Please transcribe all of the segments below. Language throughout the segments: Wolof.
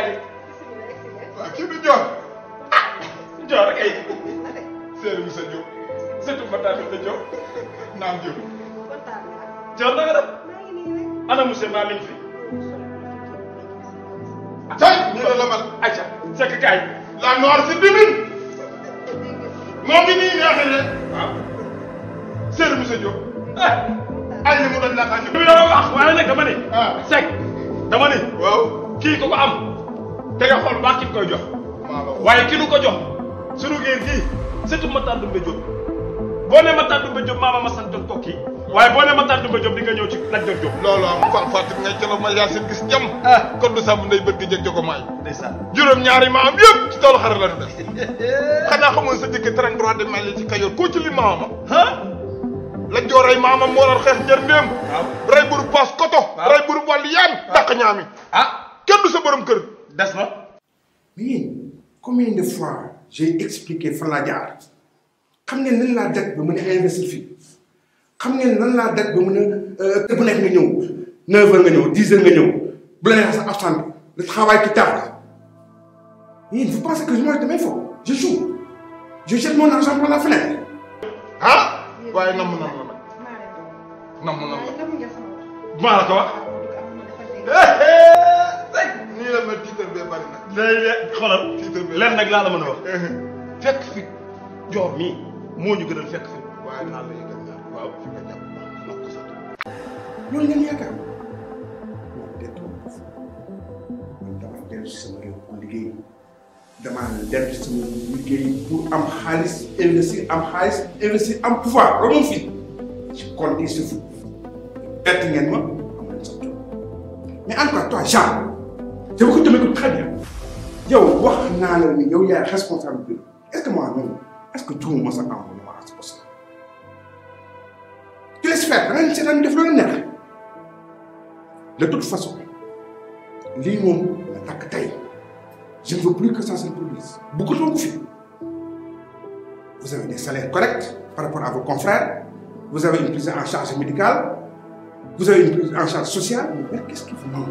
Alaaji waaw kii du Dior ah Dior kay Seydou Moussa Diop surtout Fatal Moussa Diop naam Diop Dior naka la ana monsieur maa mi ngi fi. tey ñu ne la man acca sekk mu doon naataan ñu. wax waaye nag dama ah. sekk dama kii ko ko am. Tega nga xool baax ki koy jox waaye ki nu ko jox sunu géer gii surtout Matar Dumbe Diop boo ne Matar Dumbe Diop maama ma santoon ko kii waaye boo ne Matar Dumbe Diop di nga ñëw ci Lat Joor Diop loolu am fa fatim ngay colo ma yaasin gis jam ah. kon du sàmm nday bët gi jëg jogo maay ndeysaan juróom ñaari ma am yëpp ci toolu xar la def xanaa xamoon sa jëkk 33 de ci ci li la buru koto rey buru wàlli yaan dàq ñaami ah kenn du sa borom kër D'accord. combien de fois j'ai expliqué euh, la dette de la Vous de mon dette ba de investir de mon 9h 10h le travail qui tarde Et vous pensez que moi mes faux je joue je jette mon argent pour la fenêtre. ah Non non non la Non non non. nii la ma tiital bee bari na. day de xoolal. tiital bee lenn nag laa la mën a wax. fekk fi joor mii moo ñu gënal fekk fi. waaye naa la yëgal ñaar waaw fi nga jàpp ndox ko sax. loolu ngeen yaakaar moom deetoon ko fa man damaa dellu si sama réew pour liggéey damaa dellu si sama liggéey pour am xaalis investir am xaalis investir am pouvoir loolu moom fii ci compte yi si fu bett ngeen ma am nañ sax mais en tout cas toi Jean. Je vous écoute très bien Yo, wax naa est-ce que moi-même est-ce que tout le monde à ce poste tu laisses faire de toute façon je ne veux plus que ça se produise de gens vous vous avez des salaires corrects par rapport à vos confrères vous avez une prise en charge médicale vous avez une prise en charge sociale mais qu'est-ce qui vous manque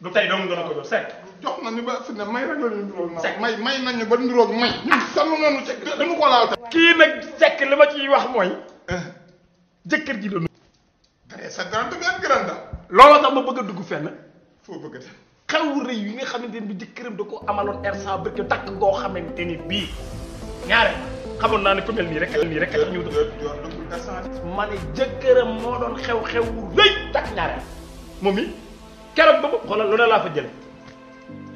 du tey dong dana ko jox Seck. jox na ñu ne may rek la ñu nduróog may may nañu ba nduróog kii nag Seck li ma ciy wax mooy. jëkkër ji la. dara sa grande looloo tax ma bëgg a duggu fenn. foo bëgg a rëy yi nga xamante ne bi jëkkëram da ko amaloon R100 barke takk ngoo xamante ni bii ñaare xamoon naa ne ku mel nii rek. nii rek ma ne jëkkëram moo doon xew xewu rëy takk ñaare moom it. keroog ba ma xoolal lu ne laa fa jële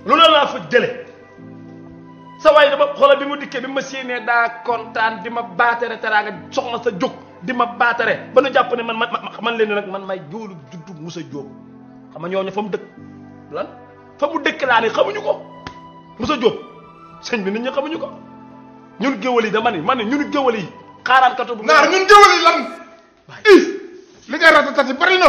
lu ne laa fa jële sa waay dama xoolal bi mu dikkee bi ma séenee daa kontaan di ma baatere teraanga soxna sa jóg di ma baatere ba nu jàpp ne man man man leen nag man may jóolu juddu Musa Jóob xam nga ñooñu fa mu dëkk lan fa mu dëkk laa ne ko Musa Jóob sëñ bi nit xamuñu ko ñun géwël yi dama ni man ni ñun géwël yi xaaraan katu bu naar ñun géwël yi lan i li ngay ratatati bari na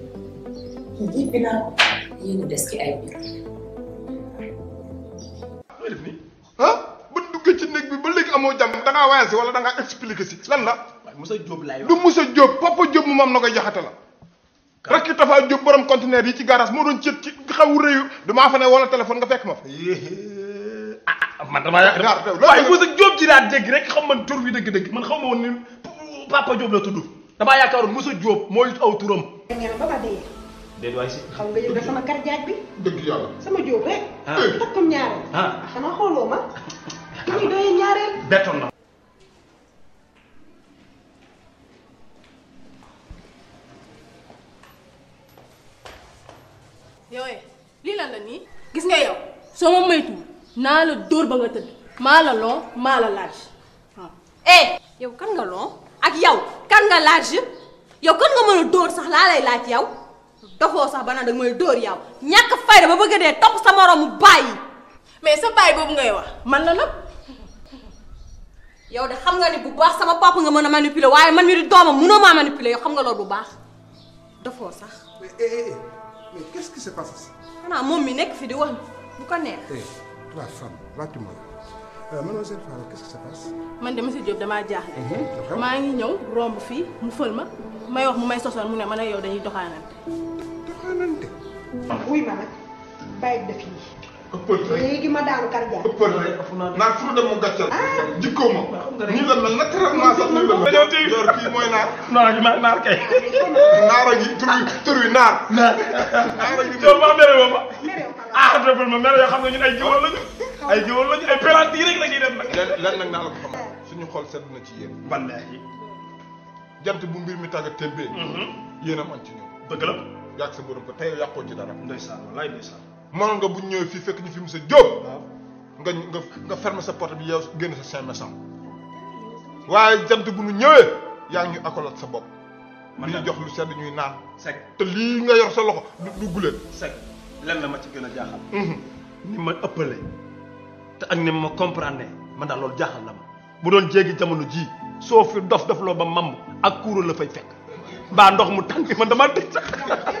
Give me now. Yéen des ci ay biir. ah ba duggee ci néeg bi ba léegi amoo jàmm da ngaa waayal si wala da ngaa expliqué eh, si lan la. waaye job, Diop laay wax du Moussa Diop papa job mu maam na koy jaxate la. rakk Tafa Diop borom conteneur yi ci garage moo doon cët ci xaw réew damaa fa ne wala téléphone nga fekk ma fa. ah man damaa yaakaar ne waaye Moussa Diop ci laa dégg rek xam man tur bi dëgg-dëgg man xamuma woon ni papa Diop la tudd damaa yaakaaroon Moussa job mooy aw turam. ba de. déet waay si. xam nga yëg sama karjaaj bi. dëgg yàlla sama jóob rek. ah takkum ñaareel. Ah. ah xanaa xooloo ma. li ñu doyee ñaareel. bettoon na. Eh, nii. gis nga yow soo ma moytuwul naa la dóor ba nga tëdd. maa la long maa la large waaw. eh yow kan nga long ak yow kan nga large yow kan nga mën a dóor sax laa lay laaj yow. dafo sax ba naan moy dor yaw ñak ñàkk fayda ba bëgg dé top sa morom mu mais sa bàyyi bobu ngay wax man la nak yow de xam nga ni bu baax sama papa nga mëna manipuler waye man mi di doom mëno ma manipuler yow xam nga lool bu baax dafo sax. mais eh, eh eh mais qu'est-ce qui se passe ici. xanaa mom mi nek fi di wax bu ko neex. eh la femme la tu me euh, mademoiselle Fall qu'est-ce qui se passe. man de monsieur Diop damaa jaaxle. Mhm, maa ngi ñëw romb fii mu fël ma may wax mu may sosal mu ne ma ne yow dañuy doxaanante. fanaante. wuy ma nag bàyyi def yi léegi ma daanu kar jaar. ëppal rek naan fu dem mu gàccal. Ah. jikkoo ma. ñu la mel naturellement sax ñu la mel. joor kii mooy naar. naar naar kay. naara gi tur wi tur wi naar. naar joor maa merewoo ma. ah déglu ma mere yoo xam ne ñun ay jiwal lañu. ay jiwal lañu ay pelant yi rek la ñuy def nag. lenn lenn nag naa la ko xam suñu xol sedd na ci yéen. wallaahi. jant bu mbir mi tàggat tëbbee. Mhm. yéen a mën ci ñoom dëgg la. jaak sa borom ko tay yàqoo ci dara. ndeysaan wallahi ndeysaan. man nga bu ñew fi fekk ñu fi mësa sa nga nga nga fermer sa porte bi yow génn sa cinq cent. waaye jant bu ñu ñewé yaa ngi ñu akolaat sa bop man ñu jox lu sedd ñuy naan. sek te li nga yor sa loxo du du sek lan la ma ci gëna jaaxal. Mhm. ni ma ëppalé te ak ni ma comprendre man da loolu jaaxal la bu doon jéggi jamono ji so fi dof dof lo ba mam ak kuro la fay fekk ba ndox mu tanki man dama tecc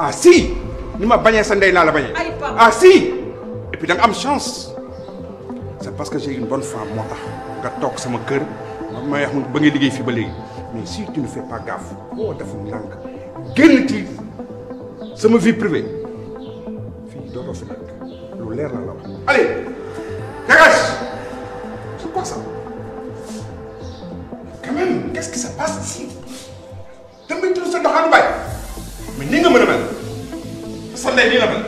ah si ni ma bañee sa ndey là bas ah si et puis da nga chance c'est parce que j'ai une bonne femme moi. tax nga toog sama kër ma wax ba ngay liggéey fii ba léegi mais si tu ne fais pas gaffe boo une langue.. génn ci sama vie privée Fille dootoo fi nekk l'air là bas allez dégage c'est quoi ça quand même qu'est-ce qui se passe ici tu tamit sa doxaanu baay nii nga mën a mel sa ndey nii la mel.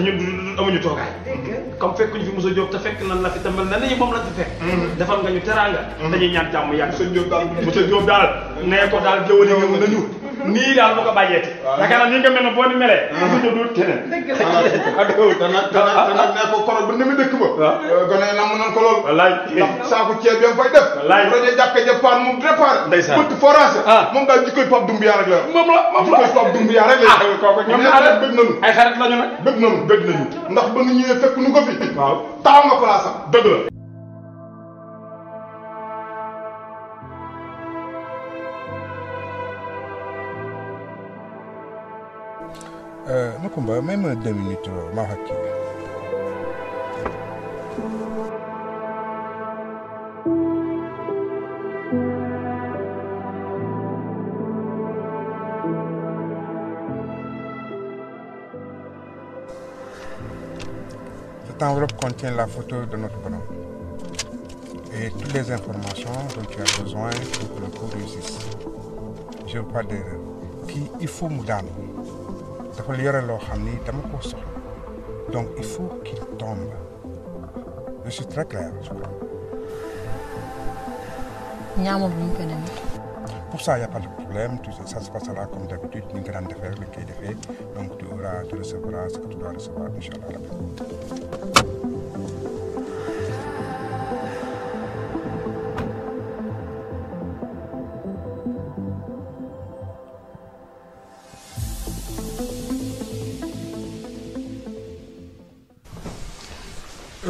ñun amuñu toogaay. comme fekk ñu fi Moussa Diop te fekk nan la fi na nan nañu moom lañ fi fekk. Mm. defal nga ñu teraanga. Mm. dañuy ñaan jàmm yàgg. Moussa Diop daal Moussa Diop daal. nee ko daal jëwale nga mën a ñuul. nii daal bu ko bàyyeeti. waaw yaakaar naa nga mel ne boo ni melee. Ah. du keneen. dëgg la ko korom ba ni mu ba. waaw ah. euh, gone yi namm nañ ko lool. wallaay saako ceeb yam fay def. wallaay bu rajo jàkka ja paan moom réparé. ndeysaan bëtt ah. rek la. moom la moom la jikkoy Pape Doumbia rek la. kooku ñoom ñaareel bëgg nañu. ay la ñu ba nu ñëwee fekk nu ko fi. waaw taxaw nga place dëgg la Nous euh, Makumba, même deux minutes, euh, Mahaki. Cette enveloppe contient la photo de notre bonhomme et toutes les informations dont tu as besoin pour que le cours réussisse. Je ne parle pas d'erreur. il faut Moudano dafa yore loo xam ni donc il faut qu'il tombe je suis très clair je crois. bu pour ça il y' a pas de problème tout ça se passera comme d'habitude, une grande nga daan defee rek lañ koy donc tu auras tu recevras ce que tu dois recevoir incha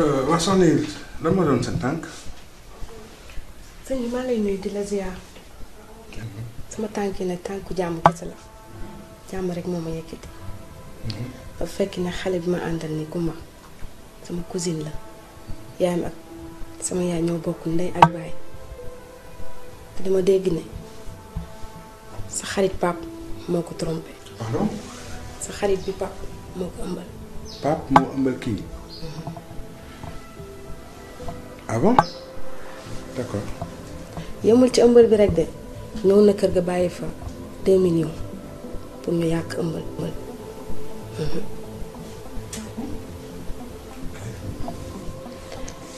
waa soxna yi lan doon sa tànk. sëñ bi maa lay nuyu di la ziar. sama tànk yi nag tànku jàmm kese la jàmm rek moo ma yëkkati. ba fekk na xale bi ma àndal ni Kumba sama cousine la yaayam ak sama yaay ñoo bokk ndey ak baay te dama dégg ne sa xarit pap moo ko trompé. sa xarit bi pap moo ko ëmbal. pap moo ëmbal kii. Mhm. ah ci ëmbal bi rek de ñëw na kër ga bàyyi fa deux pour ñu yàq ëmbal. Mhm.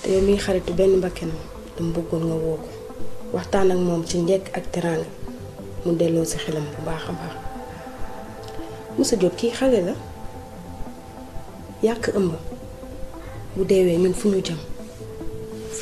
te yow xaritu benn mbakkenam dama bëggoon nga woo ko waxtaan ak moom ci njekk ak teraanga mu delloo si xelam bu baax a baax Moussa Diop kii xale la yàq ëmb bu deewee ñun fu ñu jëm.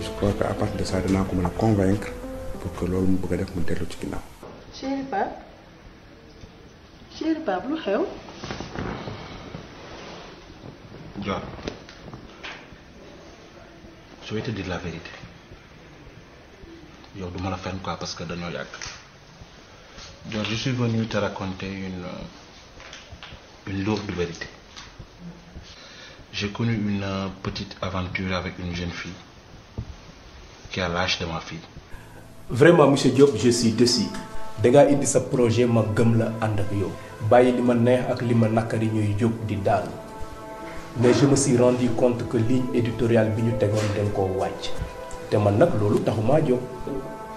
je crois qu'à partir de ça je vais me convaincre pour que l'homme puisse. bëgg a def mu Chérie ci Chérie chéri Pape chéri je vais te dire la vérité faire quoi parce que je suis venu te raconter une euh, une lourde vérité. J'ai connu une euh, petite aventure avec une jeune fille qui a l'âge de ma fille. vraiment monsieur Diop je suis déçu dit ce projet ma gëm la ak ma mais je me suis rendu compte que ligne éditoriale en Et Il man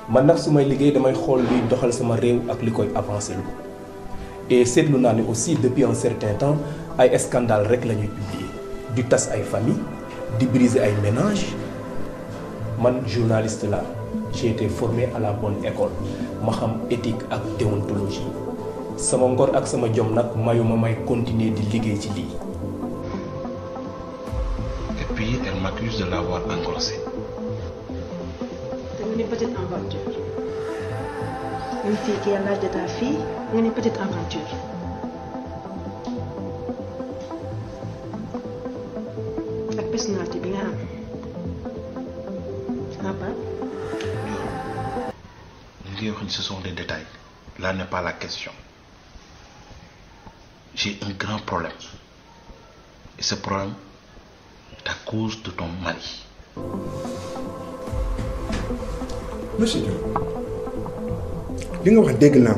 man damay doxal et c'est aussi depuis un certain temps ay scandale rek la du tas ay famille di briser ay ménage man journaliste là, j'ai été formé à la bonne école ma xam éthique ak déontologie sama ngor ak sama jom nak mayuma may continuer di liggéey ci li et puis elle m'accuse de l'avoir engrossé. c'est une petite aventure une fille qui a l'âge de ta fille une ne petite aventure. personnalité bi ce sont des détails. Là n'est pas la question. J'ai un grand problème. Et ce problème est à cause de ton mari. Monsieur Diop li nga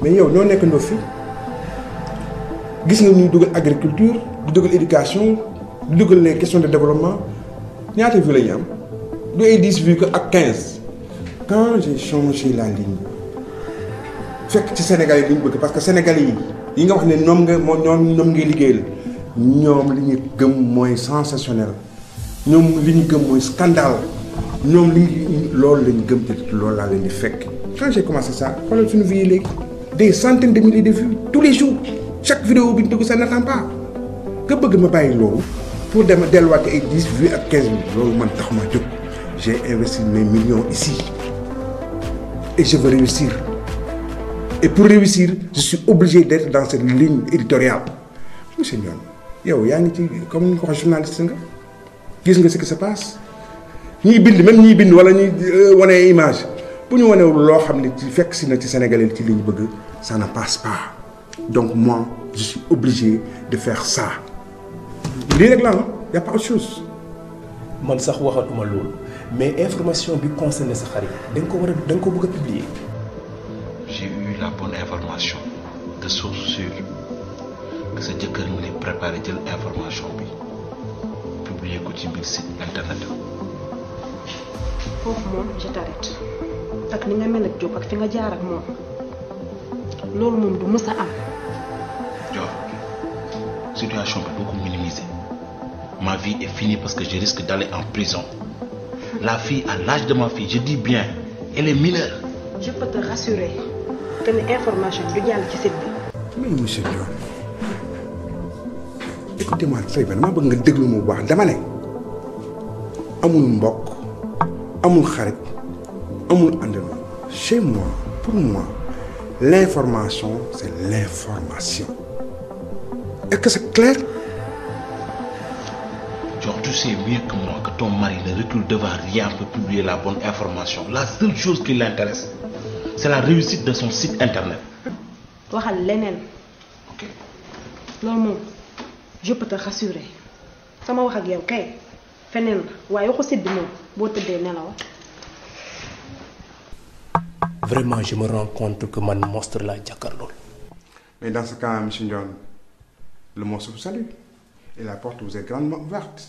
mais yow loo nekk ndof fi gis nga ñuy dugal agriculture dugal éducation les questions de développement nous sommes la ñu du ay 10 vues que à quand j'ai changé la ligne que ci Sénégal yi Sénégalais bëgg parce que Sénégalais yi yi nga wax né ñom nga moo ñom ñoom ngay liggéeyal li ñi gëm moy sensationnel ñom li ñu gëm scandale ñom li ñu loolu lañu gëm té loolu la leen fekk quand j'ai commencé ça xoolal suñu vis les des centaines de milliers de vues tous les jours chaque vidéo bi de dugg ça n'attend pas que bëgg ma bàyyi loolu pour dem delluwaat ay 10 vues ak quinze vues loolu man tax ma j'ai investi mes millions ici et je veux réussir. Et pour réussir, je suis obligé d'être dans cette ligne éditoriale. Monsieur Nyon, yow a ci comme ni comme journaliste quest gis ce qui se passe Ni bind même ni bind wala ni, euh, woné image bu ñu woné lo xam ne ci fekk si na ci Sénégalais ci liñ bëgg ça ne passe pas donc moi je suis obligé de faire ça li rek la il hein? y a pas autre chose. man sax waxatuma lool mais information bi concerne sa xarit da ko wara a ko bëgg publier. j'ai eu la bonne information de source sûre que sa jëkkër mu ngi préparé jël information bi publier ko ci biir site internet. foofu moom je t'arrête ak ni nga mel ak Diop ak fi nga jaar ak moom loolu moom du mës am. La situation bi boo ko minimiser ma vie est finie parce que je risque d'aller en prison la fille à l'âge de ma fille je dis bien elle est mineure. je peux te rassurer que l'information informations. du jàll ci monsieur écoutez-moi très bien je bëgg me déglu mu bu baax je ne amul Mbok, amul amul chez moi pour moi l'information c'est l'information est-ce que c'est clair tu sais mieux que moi que ton mari ne recule devant rien pour publier la bonne information. La seule chose qui l'intéresse, c'est la réussite de son site internet. waxal leneen. ok Normalement, je peux te rassurer sama wax ak yow kay feneen la waaye waxu site bi vraiment je me rends compte que mon monstre est jàkkaarlool. mais dans ce cas monsieur John, le monstre vous salue et la porte vous est grandement ouverte.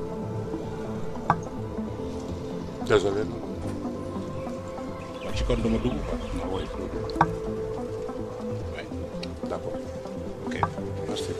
désolé. ci kon não dugg quoi. ah dá bom. ok merci.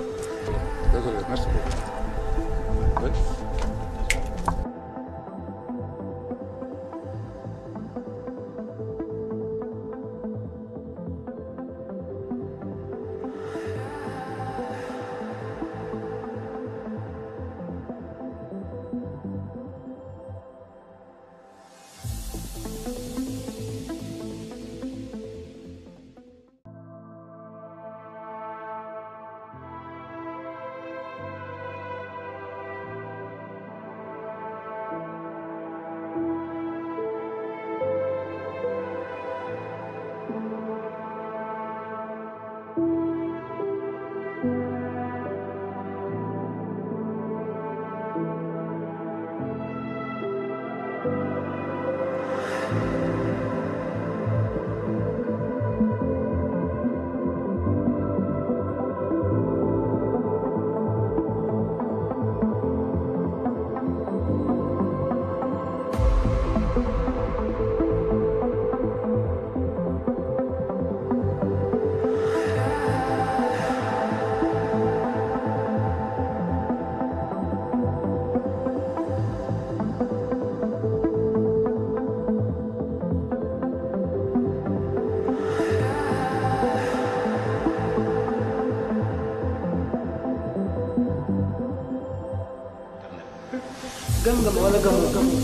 gëm nga ma wala gëmoo gëmoo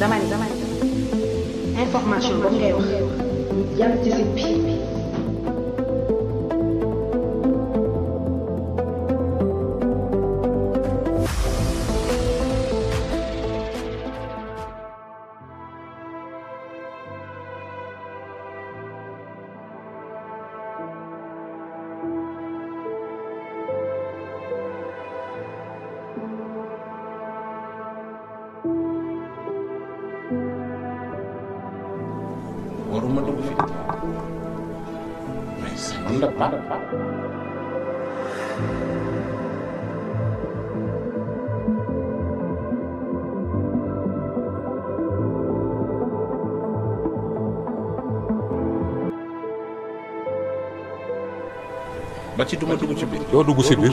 dama ni dama ni information boobu ngay wax yàlla ba ci duma dugg ci biir. doo dugg ci biir.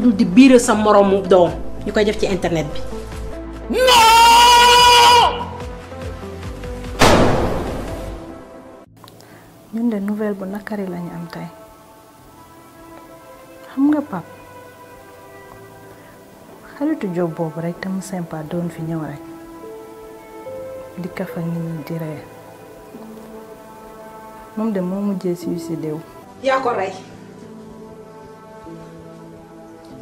lu di biiral sa moromu doom ñu koy def ci internet bi ñun de nouvelle bu nakari lañu am tay xam nga pap xaritu job bobu rek tam sympa doon fi ñew rek di kafa nit ñi di ree moom de moo mujjee suicidé wu yaa ko rey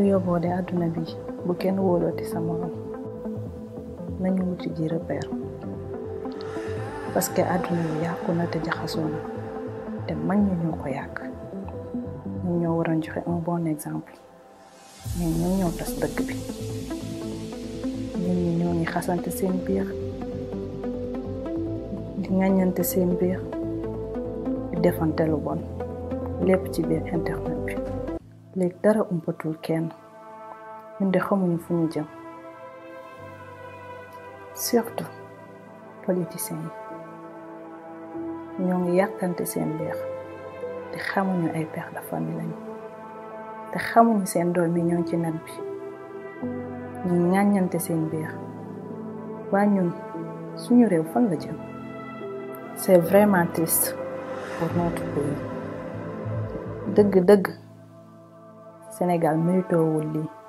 bu de àdduna bi bu kenn wóolooti sa morom nañu wuti ji repère parce que àdduna bi yàqu na te jaxasoo na te mag ñu ñoo ko yàq ñun ñoo waroon joxe un bon exemple mais ñoo ñoo tas dëkk bi ñun ñoo ngi xasante seen biir di ŋàññante seen biir di defante lu bon lépp ci biir internet leg dara umpatul kenn ñun de xamuñu fu ñu jëm surtout politiciens yi ñoo ngi yàkkante seen leex te xamuñu ay pex de fami lañu te xamuñu seen doom yi ñoo ci nag bi ñu ŋàññante seen biir waa ñun suñu réew fan la jëm c'est vraiment triste pour notre pays dëgg dëgg Sénégal méritoowul lii